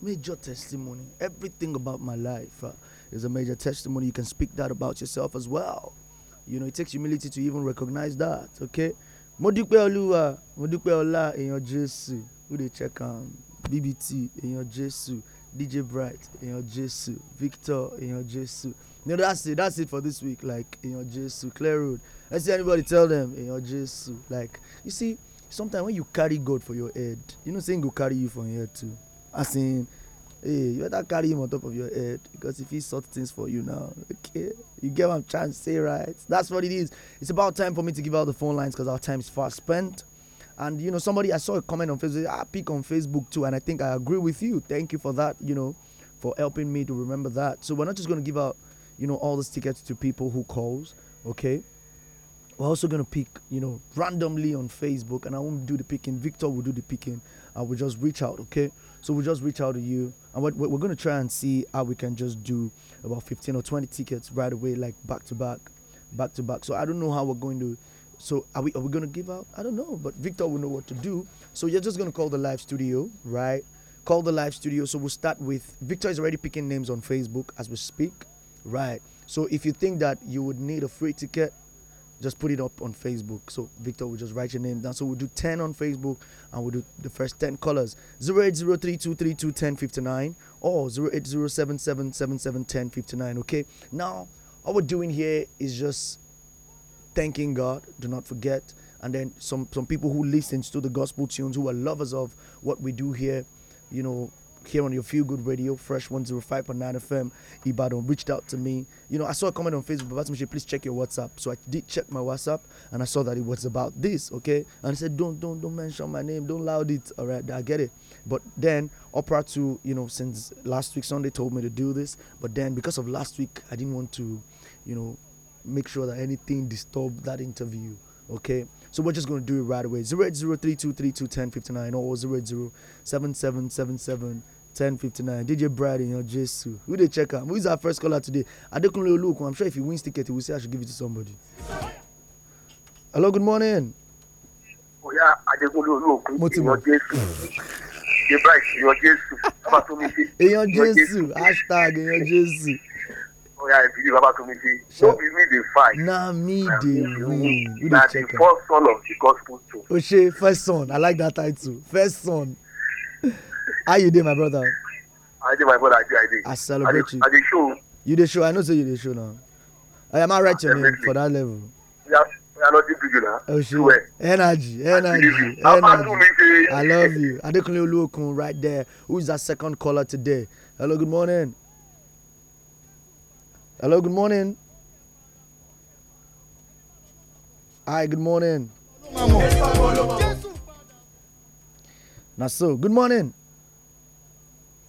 major testimony. Everything about my life uh, is a major testimony. You can speak that about yourself as well. You know, it takes humility to even recognize that. Okay. modupe dúpẹ́ olúwa mo in your Jesus. jésù who they check on? bbt your jésù dj bright your jésù victor your jésù you know that's it that's it for this week like your jésù clear road let's see anybody tell them your jésù like you see sometimes when you carry god for your head you know saying go carry you for your head too I in hey you better carry him on top of your head because if he sort things for you now okay you get what i'm trying to say right that's what it is it's about time for me to give out the phone lines because our time is fast spent and you know, somebody I saw a comment on Facebook. I ah, pick on Facebook too, and I think I agree with you. Thank you for that. You know, for helping me to remember that. So we're not just going to give out, you know, all these tickets to people who calls. Okay. We're also going to pick, you know, randomly on Facebook, and I won't do the picking. Victor will do the picking. I will just reach out, okay? So we'll just reach out to you, and we're, we're going to try and see how we can just do about 15 or 20 tickets right away, like back to back, back to back. So I don't know how we're going to so are we are we gonna give out? I don't know, but Victor will know what to do. So you're just gonna call the live studio, right? Call the live studio. So we'll start with Victor is already picking names on Facebook as we speak, right? So if you think that you would need a free ticket, just put it up on Facebook. So Victor will just write your name down. So we'll do 10 on Facebook and we'll do the first 10 colors. 08032321059 or 08077771059. Okay. Now all we're doing here is just thanking God, do not forget. And then some, some people who listens to the gospel tunes, who are lovers of what we do here, you know, here on your Feel Good Radio, Fresh 105.9 FM, Ibadan, reached out to me. You know, I saw a comment on Facebook, Batimishi, please check your WhatsApp. So I did check my WhatsApp and I saw that it was about this, okay? And I said, don't, don't, don't mention my name, don't loud it, all right? I get it. But then, Opera 2, you know, since last week, Sunday told me to do this. But then, because of last week, I didn't want to, you know, make sure that anything disturb that interview. Okay, so we're just gonna do it right away. 08032321059 or 0807777 1059 DJ Bride and your Jesu. Who they check out? Who is our first caller today? Adekunle Olukun. I'm sure if he wins ticket, he will say I should give it to somebody. Hello, good morning. Oh Oya Adekunle Olukun. Mo ti mọ̀. DJ Bride, your Jesu. Your Jesu. Hashtag your Jesu. So oh, give me the fight. Na me dey win. Na the first son of the gospel too. Ose oh, first son, I like that title. First son. How you dey my brother? I dey my brother, I dey, I dey. I celebrate you. I dey show. You dey show, I know say you dey show now. I oh, am I your name for that level? Yeah. energy energy energy I love you Adekunle Oluokun right there who's that second caller today hello good morning. Hello, good morning. Hi, good morning. Naso, good morning.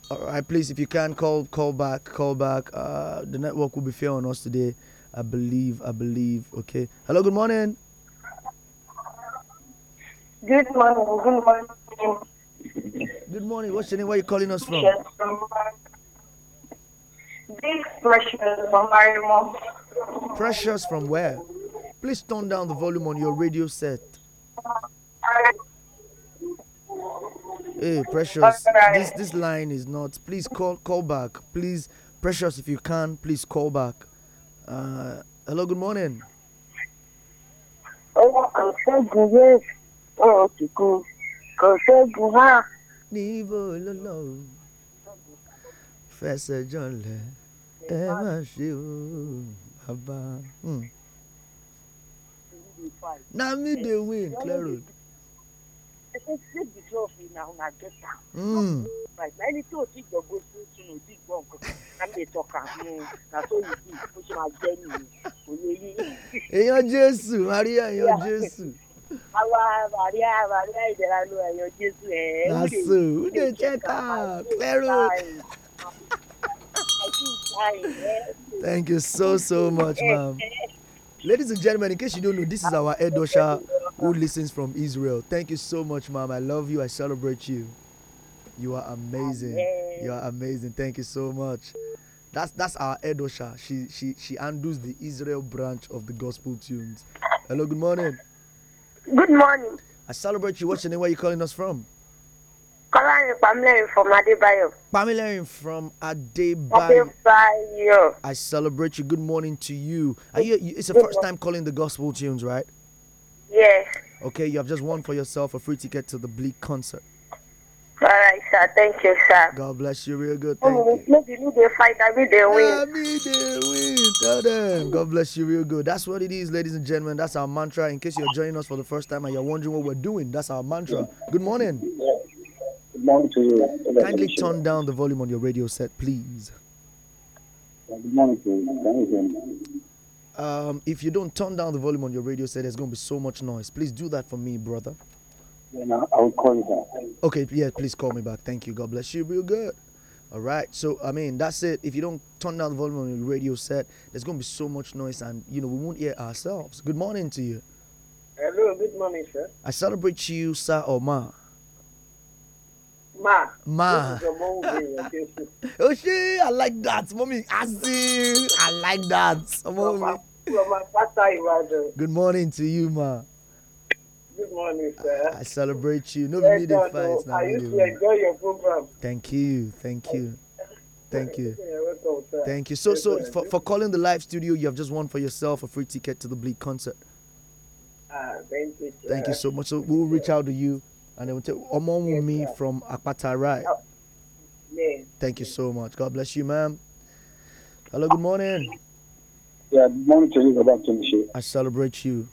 All right, please, if you can, call call back, call back. Uh, the network will be fair on us today. I believe, I believe. Okay. Hello, good morning. Good morning. Good morning. Good morning. What's your name? Where are you calling us from? Yes, from this pressure from Marimo. Precious from where? Please turn down the volume on your radio set. Hey, Precious, this this line is not. Please call call back. Please, Precious, if you can, please call back. Uh, hello, good morning. Oh, oh, Níbo ẹ má ṣe o bàbá. Hmm. na me dey win clear road. ẹ ṣe ṣe the twelve na get am. Hmm. ẹni tí o ti gbọgbó sí sunu o ti gbọ nǹkan ká lè tọkà mú un na so yìí bí o ṣe máa jẹ nìyí jésù maria èèyàn jésù. àwa maria maria ìdẹ̀ra ló ẹ̀yàn jésù ẹ̀. na so who dey check am clear road. Thank you so, so much, ma'am. Ladies and gentlemen, in case you don't know, this is our Edosha who listens from Israel. Thank you so much, ma'am. I love you. I celebrate you. You are amazing. You are amazing. Thank you so much. That's that's our Edosha. She she she handles the Israel branch of the gospel tunes. Hello, good morning. Good morning. I celebrate you. What's your name? Where are you calling us from? Kọ́láyìn Pamilẹ́rìn from Adébáyọ̀. Pamilẹ́rìn from Adébáyọ̀. Adébáyọ̀. I celebrate you. Good morning to you. Are you, it's the first time calling the gospel tunes, right? Yes. Okay, you have just won for yourself a free ticket to the Bleak concert. All right, sir. Thank you, sir. God bless you. Real good. Thank oh, you. Maybe you fight, I mean win. I mean win. Tell them. God bless you. Real good. That's what it is, ladies and gentlemen. That's our mantra. In case you're joining us for the first time and you're wondering what we're doing, that's our mantra. Good morning morning to you. Kindly turn down the volume on your radio set, please. Good morning to you. Um, if you don't turn down the volume on your radio set, there's going to be so much noise. Please do that for me, brother. Yeah, I will call you back. Okay, yeah, please call me back. Thank you. God bless you. Real good. All right. So I mean, that's it. If you don't turn down the volume on your radio set, there's going to be so much noise, and you know we won't hear ourselves. Good morning to you. Hello. Good morning, sir. I celebrate you, Sir Omar. Ma. Ma. oh, she, I like that. Mommy, I see. I like that. Mommy. Good morning to you, ma. Good morning, sir. I, celebrate you. No, media oh, no, fights now. I used you. to enjoy your program. Thank you. Thank you. Thank you. Thank you. So, so for, for calling the live studio, you have just won for yourself a free ticket to the Bleak concert. Ah, thank you. Sir. Thank you so much. So we'll reach out to you And they will tell Omonwumi yes, from Akpatarai. Oh, yes. Thank you so much. God bless you, ma'am. Hello, good morning. Yeah, good morning to you, Good afternoon, Baba I celebrate you.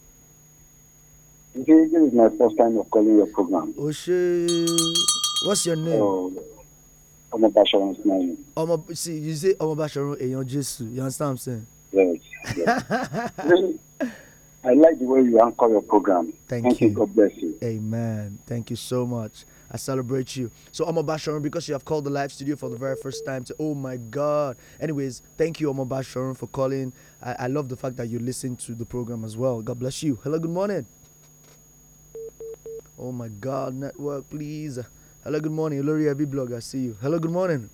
This is my first time of calling your program. Oshé, oh, what's your name? Oh, Omo Basharon's name. Omo, see, you say Omo Basharon, Eyan Jesu. You understand what I'm saying? Yes. yes. I like the way you anchor your program. Thank, Thank you. God bless you. Amen. Thank you so much. I celebrate you. So, Omo Bashorun, because you have called the live studio for the very first time, to, oh my God. Anyways, thank you, Omo Bashorun, for calling. I, I, love the fact that you listen to the program as well. God bless you. Hello, good morning. Oh my God, network, please. Hello, good morning. Lori, every blog, I see you. Hello, good morning.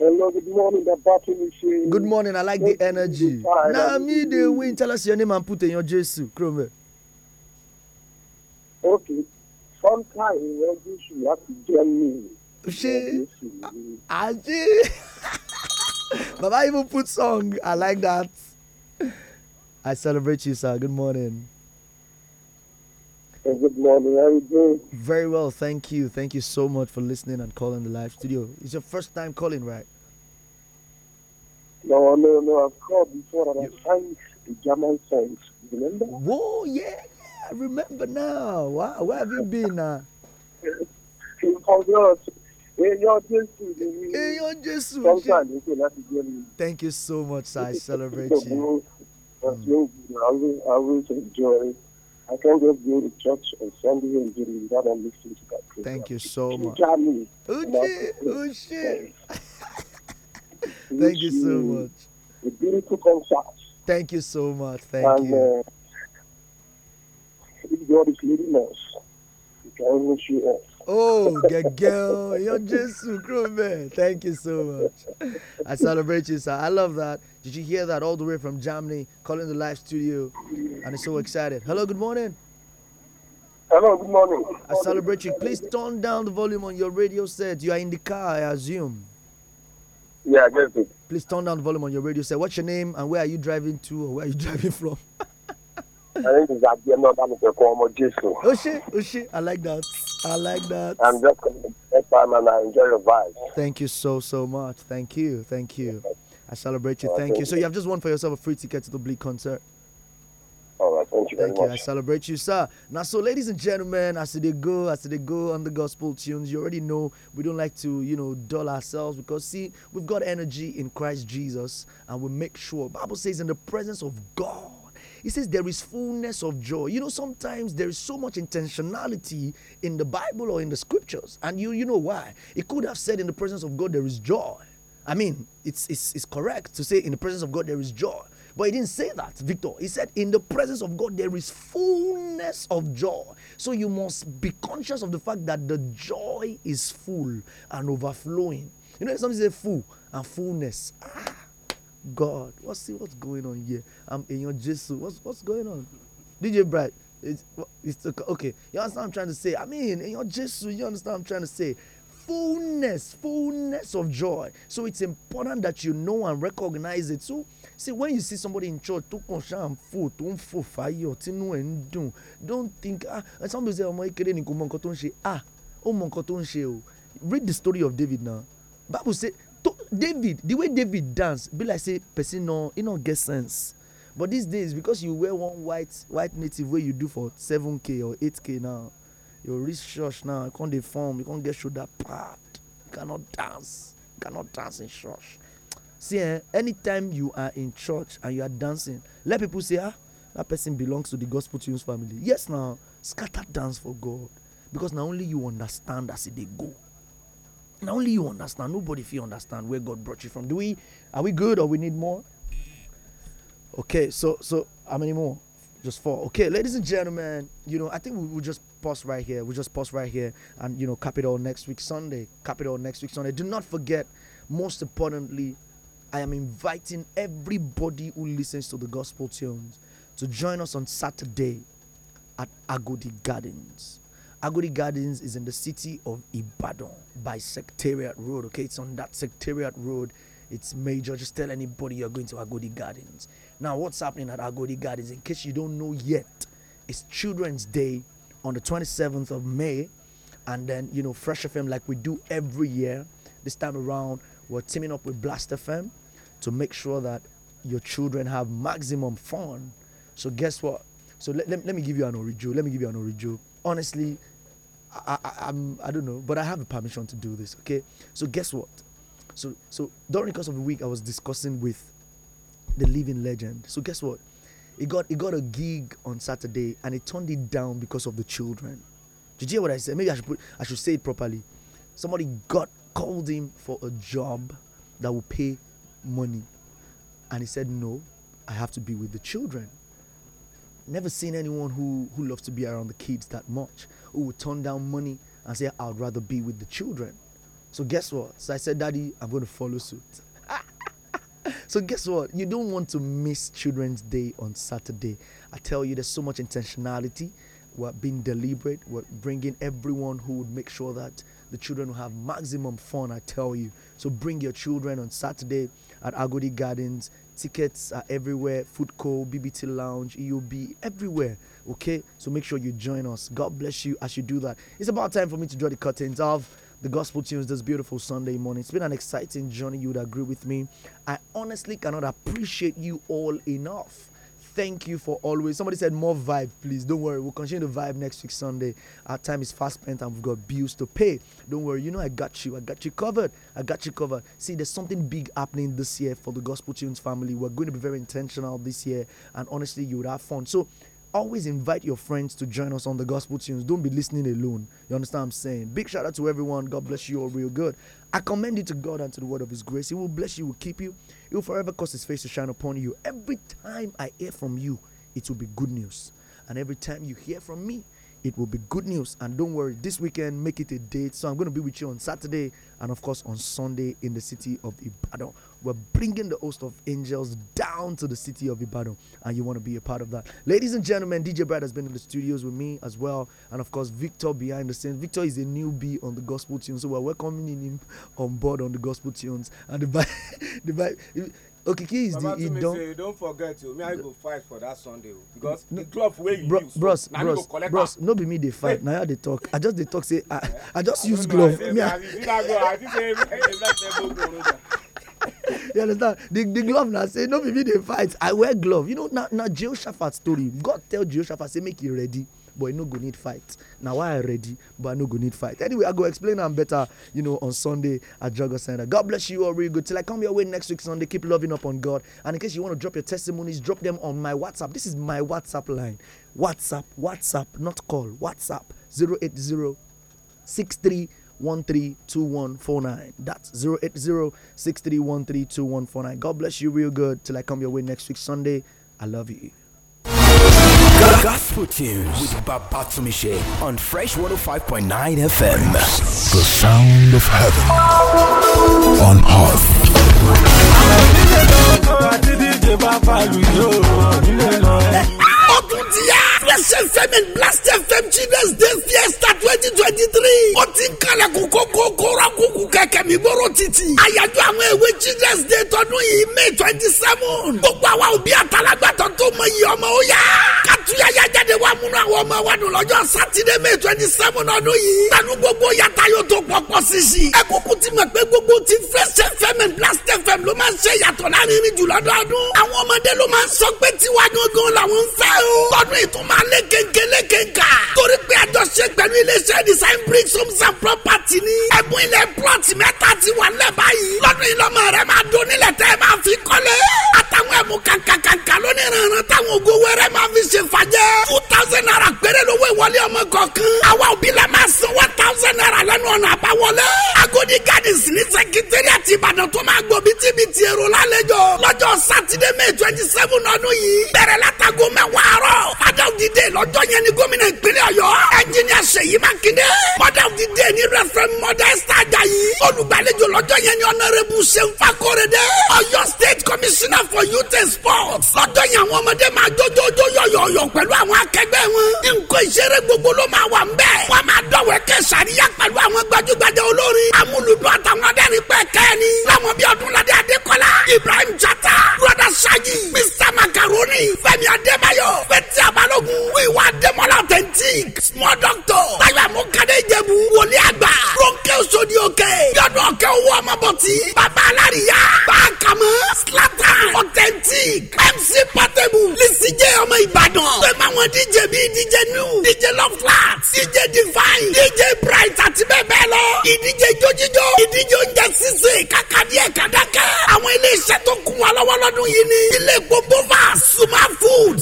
Hello, good morning. The machine. Good morning. I like the energy. Now, me, the win. Tell us your name and put in your Jesus. Chrome. Okay. Sometimes you have to join me. She, ah, Baba even put song. I like that. I celebrate you, sir. Good morning good morning. How are you doing? Very well, thank you. Thank you so much for listening and calling the live studio. It's your first time calling, right? No, no, no. I've called before and I sang the German songs. Remember? Whoa, yeah, yeah. I remember now. Wow, where have you been now? In you're Jesus. Thank you so much. I celebrate you. I always enjoy I can just go to church on Sunday and get without listening to that. Program. Thank you so much. Uche, Uche. Thank you so much. A beautiful concert. Thank you so much. Thank and, you. Uh, if God is leading us, we can only see us. Oh, girl, you're just so man. Thank you so much. I celebrate you, sir. I love that. Did you hear that all the way from Germany, calling the live studio? And I'm so excited. Hello, good morning. Hello, good morning. I celebrate you. Please turn down the volume on your radio set. You are in the car, I assume. Yeah, I guess it. Please turn down the volume on your radio set. What's your name and where are you driving to or where are you driving from? I think it's at the end of to form of Jesus. oh, Oshi, oh, I like that. I like that. I'm just coming next time and I enjoy your vibe. Thank you so, so much. Thank you. Thank you. I celebrate you. thank, thank you. you. So you have just won for yourself a free ticket to the Bleak concert. All right, thank you Thank you. I celebrate you, sir. Now, so ladies and gentlemen, as they go, as they go on the gospel tunes, you already know we don't like to, you know, dull ourselves because see, we've got energy in Christ Jesus, and we make sure. Bible says, in the presence of God he says there is fullness of joy. You know, sometimes there is so much intentionality in the Bible or in the scriptures. And you you know why? It could have said in the presence of God there is joy. I mean, it's it's, it's correct to say in the presence of God there is joy. But he didn't say that, Victor. He said, In the presence of God, there is fullness of joy. So you must be conscious of the fact that the joy is full and overflowing. You know, sometimes say full and fullness. Ah God. What's what's going on here? I'm in your Jesus. What's what's going on? DJ Bright. It's, it's okay. You understand what I'm trying to say? I mean, your Jesus. You understand what I'm trying to say? Fullness, fullness of joy. So it's important that you know and recognize it. So see, when you see somebody in church, tó kàn ṣáà ń fò full dùn, don't think ah some people say ọmọ ekele ni tó ah Read the story of David now. Bible say david the way david dance be like say person no e no get sense but these days because you wear one white white native wey you do for 7k or 8k now your wrist church now you come dey form you come get shoulder pad you cannot dance you cannot dance in church see eh anytime you are in church and you are dancing let people say ah that person belongs to the gospel tunes family yes now scatter dance for god because na only you understand as e dey go Now only you understand. Nobody feel understand where God brought you from. Do we are we good or we need more? Okay, so so how many more? Just four. Okay, ladies and gentlemen, you know, I think we will just pause right here. We'll just pause right here and you know, cap it all next week Sunday. Cap it all next week Sunday. Do not forget, most importantly, I am inviting everybody who listens to the gospel tunes to join us on Saturday at Agodi Gardens. Agodi Gardens is in the city of Ibadan by Sectariat Road. Okay, it's on that Sectariat Road. It's major. Just tell anybody you're going to Agodi Gardens. Now, what's happening at Agodi Gardens, in case you don't know yet, it's Children's Day on the 27th of May. And then, you know, Fresh FM, like we do every year, this time around, we're teaming up with Blast FM to make sure that your children have maximum fun. So, guess what? So, let, let, let me give you an original. Let me give you an original. Honestly, I, I, I'm, I don't know, but I have permission to do this. Okay. So guess what? So so during the course of the week, I was discussing with the living legend. So guess what? He got he got a gig on Saturday and he turned it down because of the children. Did you hear what I said? Maybe I should put I should say it properly. Somebody got called him for a job that will pay money, and he said no. I have to be with the children never seen anyone who, who loves to be around the kids that much, who would turn down money and say, I'd rather be with the children. So guess what? So I said, Daddy, I'm going to follow suit. so guess what? You don't want to miss Children's Day on Saturday. I tell you, there's so much intentionality. We're being deliberate. We're bringing everyone who would make sure that the children will have maximum fun, I tell you. So bring your children on Saturday at Agodi Gardens. Tickets are everywhere. Food Co, BBT Lounge, EOB, everywhere. Okay? So make sure you join us. God bless you as you do that. It's about time for me to draw the curtains of the gospel tunes this beautiful Sunday morning. It's been an exciting journey. You would agree with me. I honestly cannot appreciate you all enough Thank you for always. Somebody said more vibe, please. Don't worry, we'll continue the vibe next week Sunday. Our time is fast spent and we've got bills to pay. Don't worry, you know I got you. I got you covered. I got you covered. See, there's something big happening this year for the Gospel Tunes family. We're going to be very intentional this year, and honestly, you would have fun. So always invite your friends to join us on the gospel tunes. Don't be listening alone. You understand what I'm saying? Big shout out to everyone. God bless you all real good. I commend you to God and to the word of his grace. He will bless you, he will keep you. He will forever cause his face to shine upon you. Every time I hear from you, it will be good news. And every time you hear from me, it will be good news. And don't worry, this weekend, make it a date. So I'm going to be with you on Saturday and, of course, on Sunday in the city of Ibadan. We're bringing the host of angels down to the city of Ibadan, and you want to be a part of that. Ladies and gentlemen, DJ Brad has been in the studios with me as well, and, of course, Victor behind the scenes. Victor is a newbie on the gospel tunes, so we're welcoming him on board on the gospel tunes. And the vibe, the vibe okiki is Mama the idán. baba tumi say don't forget o oh, me i go fight for that sunday o oh, because no, the glove wey you bro, use oh, na me go collect am. bros bros. no be me dey fight na how i dey talk i just dey talk say i eh? i just I use glove. me i see that glove i think say e like level go you understand the the glove na say no be me dey fight i wear glove you know na na jehoshaphat story god tell jehoshaphat say make he ready but you no go need fight na why i ready but i no go need fight anyway i go explain am better you know on sunday at jago center god bless you all real good till i come your way next week sunday keep loving up on god and in case you want to drop your testimonies drop them on my whatsapp this is my whatsapp line whatsapp whatsapp not call whatsapp 08063132149 That's 08063132149 God bless you real good till I come your way next week Sunday. I love you. Gospel tunes with Babatumishe on Fresh 105.9 FM. The sound of heaven on earth. Fresh FM and Blast FM Children's Day Fiesta 2023. Ó ti ń kù kẹ̀kẹ́ mi bóró títì. àyájọ́ àwọn èwe children's day tọdún yìí may twenty seven. gbogbo àwa òbí àtàlágbàtọ́ tó mọ iye ọmọ ó yá. kátúyàyà jáde wá múnú àwọn ọmọ wa dùn lọ́jọ́ sátidé may twenty seven ọdún yìí. tanu gbogbo yàtá yóò tó pọ̀pọ̀ sisi. ẹ kúkú ti mọ̀ pé gbogbo ti fresh fm and blast fm ló máa ń ṣe yàtọ̀ láàrin jù lọ́dọọdún. àwọn ọmọdé ló máa ń sọ pé tiwa gangan làwọn ń fẹ́ o. tọdún ìtumọ̀ alẹ́ kéńké lẹ́kẹ̀ńkà. torí pé àjọṣe pẹ̀lú iléeṣẹ́ design bricks homes and property ni. ẹ̀bùn ilẹ̀ pro plọ̀tì mẹ́ta ti wà lẹ́ báyìí lọ́dún yìí lọ́mọ rẹ máa dún nílẹ̀ tẹ́ ẹ máa fi kọ́lé àtàwọn ẹ̀mú kàkàkàkà lónìí ìrànràn táwọn ògo wẹrẹ máa fi ṣe fàjẹ́ two thousand naira péré lówó ìwọlé ọmọ kọ̀ọ̀kan àwa òbí la máa san one thousand naira lẹ́nu ọ̀nà àbáwọlé Agodi Gardens ní sẹkítẹ́rì àti Ìbàdàn tó máa gbọ́ bítíbitì èrò lálejò lọ́jọ́ sátidé May twenty seven ọdún yìí bẹ̀rẹ̀ látago mẹ́wàá àárọ̀ fada òdìdé lọ́jọ́ yẹn ni gómìnà ìpínlẹ̀ Ọ̀yọ́ ẹnjìníà Ṣèyí Mákindé mọ́dà olùgbàlejò lọ́jọ́ yẹn ni ọ̀nàrẹ́bù ṣeun fakorede ọ̀yọ́ state commissioner for youth and sports lọ́jọ́ yẹn àwọn ọmọdé máa jójójó yọ̀yọ̀yọ̀ pẹ̀lú àwọn akẹgbẹ́ wọn nǹkan ìṣeré gbogbo ló máa wà ńbẹ̀ wọ́n máa dọ̀wẹ́ kẹ́ sàríyá pẹ̀lú àwọn gbajúgbajà olórin amúlùdún àtàwọn adẹ́rìn pẹ́ kẹ́ni láwọn bí ọdúnladé adékọ́lá ibrahim jata broda saji mr macaroni fẹ́mi adébáyọ̀ fẹ́tí abalógun wíwá adémọ́lá authentic small doctor táyọ̀ àmọ́kadé ìjẹ̀bù wòlíàgbà ronke osodioke Sunday. Yọ̀dún ọ̀kẹ́ owó ọmọbọ̀tì. Bàbá alárìíyá. Báàkàmọ́. Slatan. Authentic. MC Portable. Lisijẹ́ ọmọ Ìbàdàn. Pẹ̀mọ́ àwọn DJ bíi DJ New. DJ Love Flat. DJ Divine. DJ Bright àti bẹ́ẹ̀ bẹ́ẹ̀ lọ. Ìdíje jójíjó. Ìdíje oúnjẹ sísè. Kàkàdíẹ̀ kàdákẹ́. Àwọn ilé iṣẹ́ tó kún wa lọ́wọ́ lọ́dún yìí ni. Ilé ìpò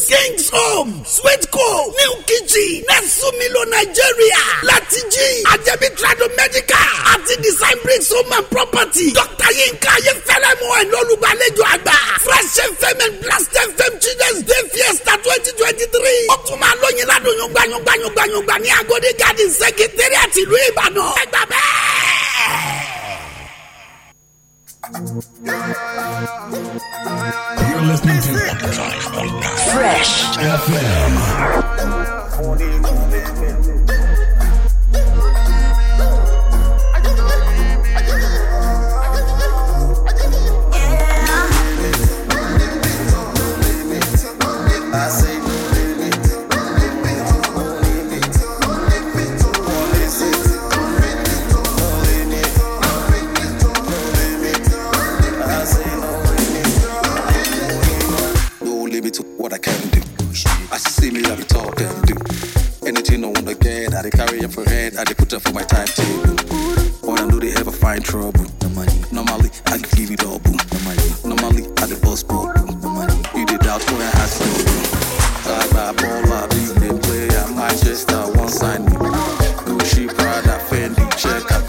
king's home sweetco new kitchen nẹ́sùmílò Nigeria, láti jí àjẹbí trado medical àti design bricks home and property dr yinka ayefẹ́lẹ́ mọ́ ẹ̀ lọ́lùgbàlejò àgbà fresh fm and blast fm children's day fiesta twenty twenty three ó tún máa lóyin ládùn yọ̀ngbà yọ̀ngbà yọ̀ngbà yọ̀ngbà ní agodi garden secretariat ìlú ìbàdàn ẹgbàá bẹ́ẹ̀. are listening to Fresh FM. They carry up for head, I they put up for my timetable. But I know they ever find trouble. Normally, I can give it all. Normally, I the boss ball. You did doubt when I ask you. I buy baller, big Manchester, one sign me. Gucci, Prada, Fendi, check out.